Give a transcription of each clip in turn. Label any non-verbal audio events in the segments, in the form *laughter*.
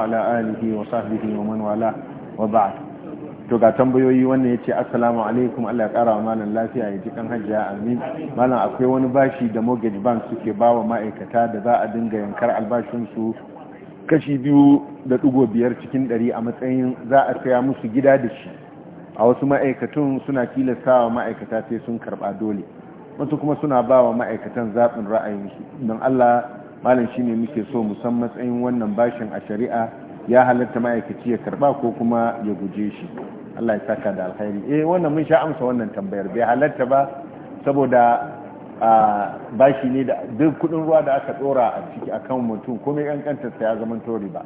ala alihi wa sahbihi wa man wala wa ba'd to ga tambayoyi wannan yace assalamu alaikum Allah ya kara wa malam lafiya ya ji kan hajjia amin malam akwai wani bashi da mortgage bank suke ba wa ma'aikata da za a dinga yankar albashin su kashi biyu da dugo biyar cikin dari a matsayin za a saya musu gida da shi a wasu ma'aikatun suna tilasta wa ma'aikata sai sun karba dole wasu kuma suna ba wa ma'aikatan zaɓin ra'ayinsu don allah malam shi ne muke so musamman matsayin wannan bashin a shari'a ya halatta ma'aikaci ya karba ko kuma ya guje shi Allah ya saka da alkhairi eh wannan mun sha amsa wannan tambayar bai halatta ba saboda bashi ne da duk kudin ruwa da aka tsora a ciki akan mutum komai kankantar sai ya zama tori ba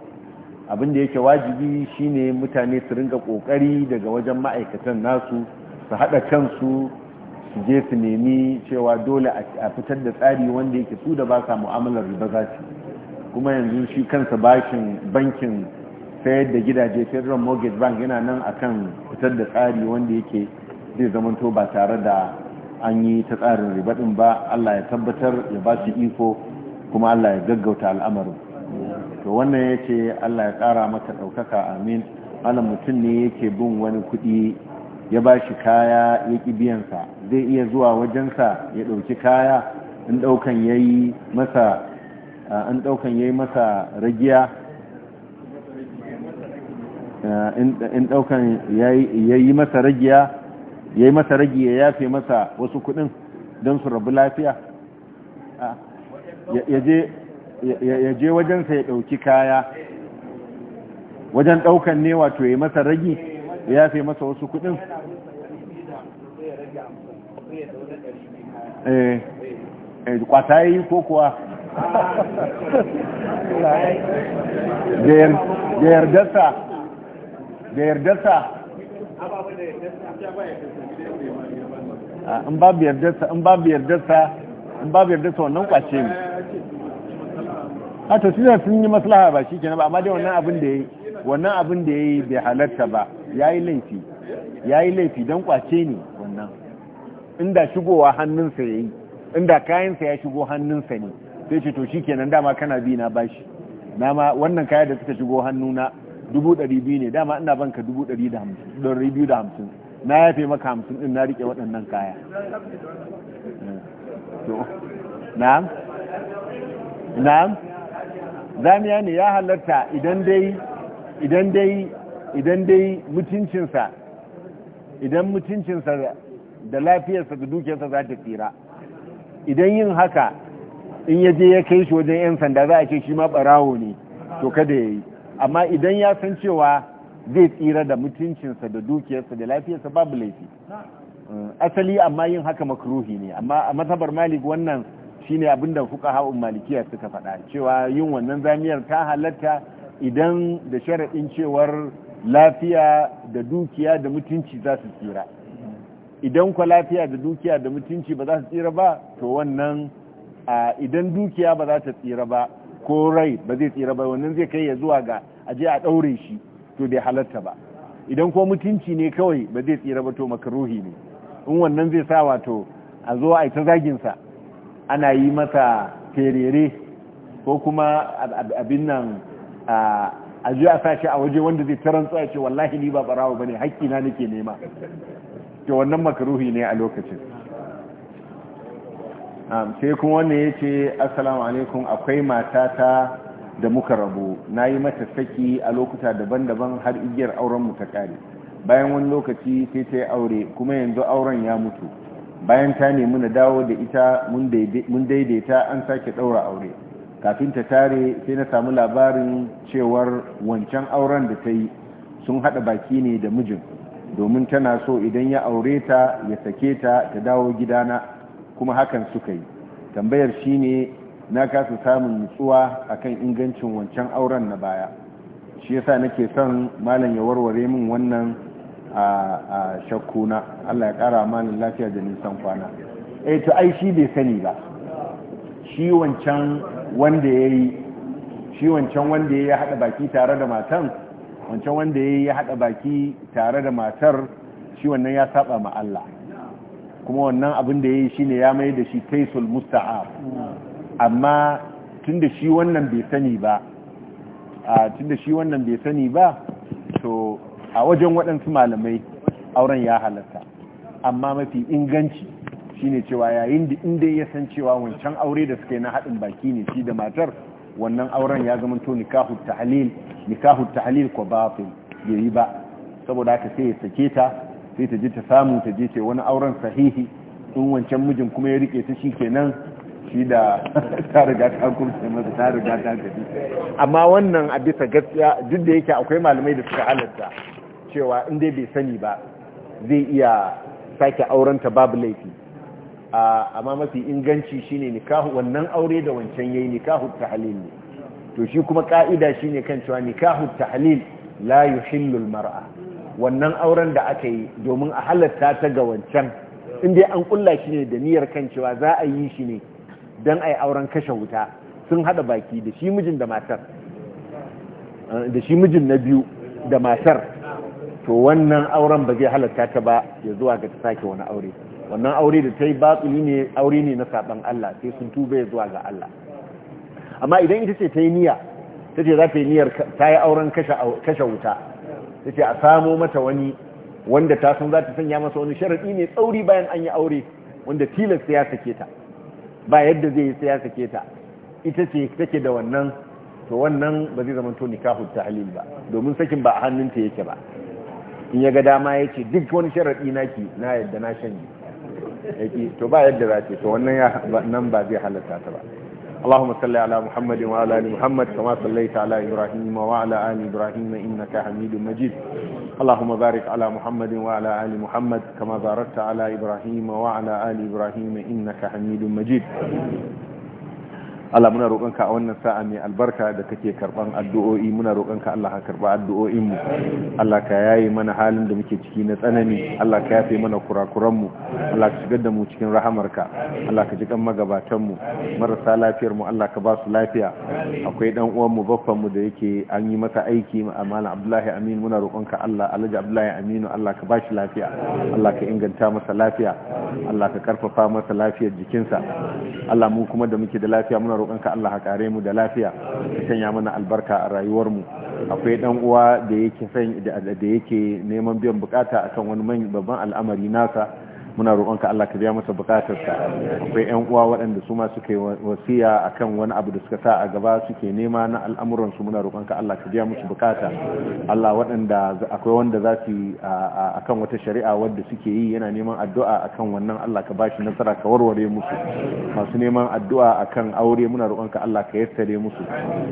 abin da yake wajibi shine mutane su ringa kokari daga wajen ma'aikatan nasu su hada kansu su je su nemi cewa dole a fitar da tsari wanda yake su da ba sa mu'amalar riba za su kuma yanzu shi kansa bashin bankin sayar da gidaje federal mortgage bank yana nan akan fitar da tsari wanda yake zai zamanto ba tare da an yi ta tsarin riba din ba Allah ya tabbatar ya ba su iko kuma Allah ya gaggauta al'amarin to wannan ya ce Allah ya kara mata ɗaukaka amin alam mutum ne yake bin wani kuɗi ya ba shi kaya ya ƙi biyansa zai iya zuwa wajensa ya ɗauki kaya in ɗaukan ya yi masa in ɗaukan ya yi masa ragiya in ɗaukan ya yi masa ragiya ya yi masa ragiya ya yafe masa wasu kuɗin don su rabu lafiya ya je wajensa ya ɗauki kaya wajen ɗaukan ne wato ya yi masa ragi ya fi masa wasu kudin eh, eh kwata yi ko kuwa da yardarsa da yardarsa ah, in babu yardarsa in babu yardarsa in babu yardarsa wannan kwace ne a ah, to sun yi maslaha ba shi kenan ba amma dai wannan abin da ya yi wannan abin da ya yi bai halarta ba ya yi laifi ya yi laifi don kwace ne wannan inda shigowa hannunsa ya yi inda kayansa ya shigo hannunsa ne sai ce to shi kenan dama kana bi na bashi nama wannan kaya da suka shigo hannu na dubu ɗari biyu ne dama ina banka dubu ɗari biyu da hamsin na yafe maka hamsin ɗin na riƙe waɗannan kaya na'am na'am zamiya ne ya halarta idan dai idan dai idan dai mutuncinsa idan mutuncinsa da lafiyarsa da dukiyarsa za ta tsira idan yin haka in ya je ya kai shi wajen 'yan sanda za a ce shi ma barawo ne to kada ya yi amma idan ya san cewa zai tsira da mutuncinsa da dukiyarsa da lafiyarsa babu laifi asali amma yin haka makruhi ne amma a mazhabar malik wannan shine abinda fuka ha'un malikiya suka faɗa cewa yin wannan zamiyar ta halatta idan da sharaɗin cewar lafiya da dukiya da mutunci za su tsira idan kwa lafiya da dukiya da mutunci ba za su tsira ba to wannan idan dukiya ba za ta tsira ba ko rai ba zai tsira ba wannan zai kai ya zuwa ga aje a ɗaure shi to bai halatta ba idan ko mutunci ne kawai ba zai tsira ba to makaruhi ne in wannan zai sa wato a zo a ita zaginsa ana yi masa terere ko kuma abin nan a ji a sashi a waje wanda zai tarantsa ya ce wallahi ni ba barawa ne haƙƙi na nake nema to wannan makaruhi ne a lokacin sai kuma wanda ya ce assalamu alaikum akwai matata da muka rabu na yi mata saki a lokuta daban-daban har igiyar aurenmu ta ƙare bayan wani lokaci sai ta yi aure kuma yanzu auren ya mutu bayan ta nemi na dawo da ita mun daidaita an sake ɗaura aure kafin ta tare sai na samu labarin cewar wancan auren da ta yi sun haɗa baki ne da mijin domin tana so idan ya aure ta ya sake ta ta dawo gidana kuma hakan suka yi tambayar shi ne na kasa samun nutsuwa akan ingancin wancan auren na baya shi yasa nake son malam ya warware min wannan a shakkuna Allah ya kara malam lafiya da nisan kwana eh to ai shi bai sani ba shi wancan wanda ya yi shi wancan wanda ya haɗa baki tare da matan wancan wanda ya yi haɗa baki tare da matar shi wannan ya saba ma Allah kuma wannan abin da ya yi shi ne ya mai da shi taisul musta'a amma tun da shi wannan bai sani ba tun da shi wannan bai sani ba to a wajen waɗansu malamai auren ya halatta amma mafi inganci shine cewa yayin da inda ya san cewa wancan aure da suka yi na haɗin baki ne shi da matar wannan auren ya zama to nikahu tahlil nikahu tahlil ko batil yi ba saboda haka sai ya sake ta sai ta je ta samu ta je ta wani auren sahihi in wancan mijin kuma ya rike ta shi kenan shi da *laughs* ta riga ta kurce masa ta riga ta gadi amma wannan a bisa gaskiya duk da yake akwai malamai da suka halarta cewa in dai bai sani ba zai iya sake auren ta babu laifi amma mafi inganci shi ne nikahu wannan aure da wancan yayi nikahu tahlil ne to shi kuma ka'ida ne kan cewa nikahu tahlil la yuhillu almar'a wannan auren da aka yi domin a halatta ta ga wancan in dai an kulla shi ne da niyyar kan cewa za a yi shi ne dan ai auren kashe wuta sun hada baki eh, da shi mijin na biyu da matar to wannan auren ba zai halarta ta ba ya zuwa ga ta sake wani aure wannan aure da ta yi batsuli ne aure ne na saban Allah sai sun tuba ya zuwa ga Allah amma idan ita ce ta yi niyya ta ce za ta yi niyyar ta yi auren kashe wuta ta ce a samo mata wani wanda ta san za ta sanya masa wani sharaɗi ne tsauri bayan an yi aure wanda tilasta ya sake ta ba yadda zai yi sai ya sake ta ita ce take da wannan to wannan ba zai zama to nikahu halil ba domin sakin ba a hannunta yake ba in ya ga dama ya ce duk wani sharaɗi naki na yadda na shanye yaki to ba yadda za ce to wannan ya nan ba zai halatta ta ba اللهم صل على محمد وعلى ال محمد كما صليت على ابراهيم وعلى ال ابراهيم انك حميد مجيد اللهم بارك على محمد وعلى ال محمد كما باركت على ابراهيم وعلى ال ابراهيم انك حميد مجيد Allah muna roƙonka a wannan sa'a mai albarka da kake karɓan addu'o'i muna roƙonka Allah ka karɓa addu'o'inmu Allah ka yaye mana halin da muke ciki na tsanani Allah ka yafe mana kurakuranmu Allah ka shigar da mu cikin rahamarka Allah ka ji magabatanmu marasa lafiyarmu Allah ka ba su lafiya akwai dan uwanmu mu da yake an yi masa aiki a amana Abdullahi Amin muna roƙonka Allah Alhaji Abdullahi Aminu Allah ka ba shi lafiya Allah ka inganta masa lafiya Allah ka karfafa masa lafiyar jikinsa Allah mu kuma da muke da lafiya muna ka Allah ka kare mu da lafiya ka sanya mana albarka a rayuwar mu akwai dan uwa da yake san da yake neman biyan bukata akan wani babban al'amari naka. muna roƙonka Allah ka biya masa bukatarsa akwai ƴan uwa waɗanda su ma suke wasiya akan wani abu da suka sa a gaba suke nema na al'amuran su muna roƙonka Allah ka biya musu buƙata Allah waɗanda akwai wanda za su akan wata shari'a wadda suke yi yana neman addu'a akan wannan Allah ka bashi nasara ka warware musu masu neman addu'a akan aure muna roƙonka Allah ka yassare musu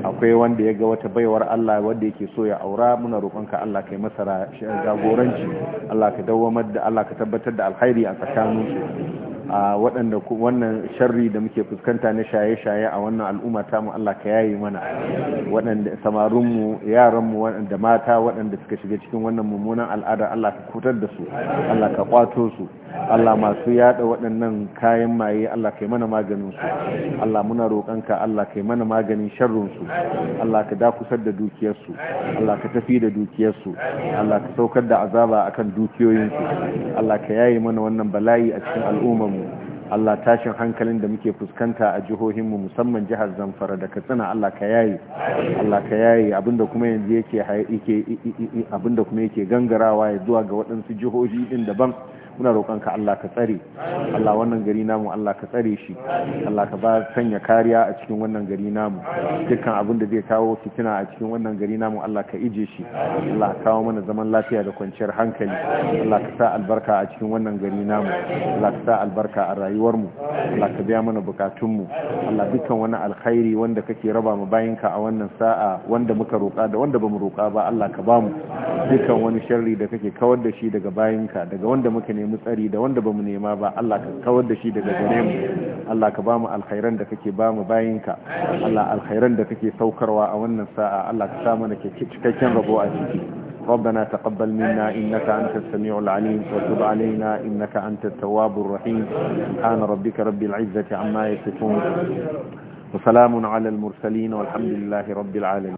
akwai wanda ya ga wata baiwar Allah wanda yake so ya aura muna roƙonka Allah ka yi masa jagoranci Allah ka dawwamar da Allah ka tabbatar da alkhairi a tsakaninsu a waɗanda wannan sharri da muke fuskanta na shaye-shaye a wannan al'umma ta mu Allah ka yayi mana waɗanda yaran yaranmu waɗanda mata waɗanda suka shiga cikin wannan mummunan al'ada Allah ka kutar da su Allah ka kwato su Allah masu yada waɗannan kayan maye Allah kai mana maganin su Allah muna roƙonka Allah kai mana maganin sharrin su Allah ka dakusar da dukiyar su Allah ka tafi da dukiyar su Allah ka saukar da azaba akan dukiyoyin su Allah ka yayi mana wannan bala'i a cikin al'ummar mu Allah tashin hankalin da muke fuskanta a jihohinmu musamman jihar Zamfara da Katsina Allah ka yayi Allah ka yayi abinda kuma yanzu yake gangarawa ya zuwa ga waɗansu jihohi din daban muna roƙonka Allah ka tsare Allah wannan gari namu Allah ka tsare shi Allah ka ba sanya kariya a cikin wannan gari namu dukkan abin da zai kawo fitina a cikin wannan gari namu Allah ka ije shi Allah ka kawo mana zaman lafiya da kwanciyar hankali Allah ka sa albarka a cikin wannan gari namu Allah ka sa albarka a rayuwar mu Allah ka biya mana bukatun mu Allah dukkan wani alkhairi wanda kake raba mu bayinka a wannan sa'a wanda muka roƙa da wanda bamu roƙa ba Allah ka ba dukkan wani sharri da kake kawar da shi daga bayinka daga wanda muka ne nemi tsari da wanda bamu nema ba Allah ka kawar da shi daga gare mu Allah ka bamu alkhairan da kake bamu bayinka Allah alkhairan da kake saukarwa a wannan sa'a Allah ka sa mana cikakken rabo a ciki ربنا تقبل منا إنك أنت السميع العليم وتب علينا إنك أنت التواب الرحيم سبحان ربك رب العزة عما يصفون وسلام على المرسلين والحمد لله رب العالمين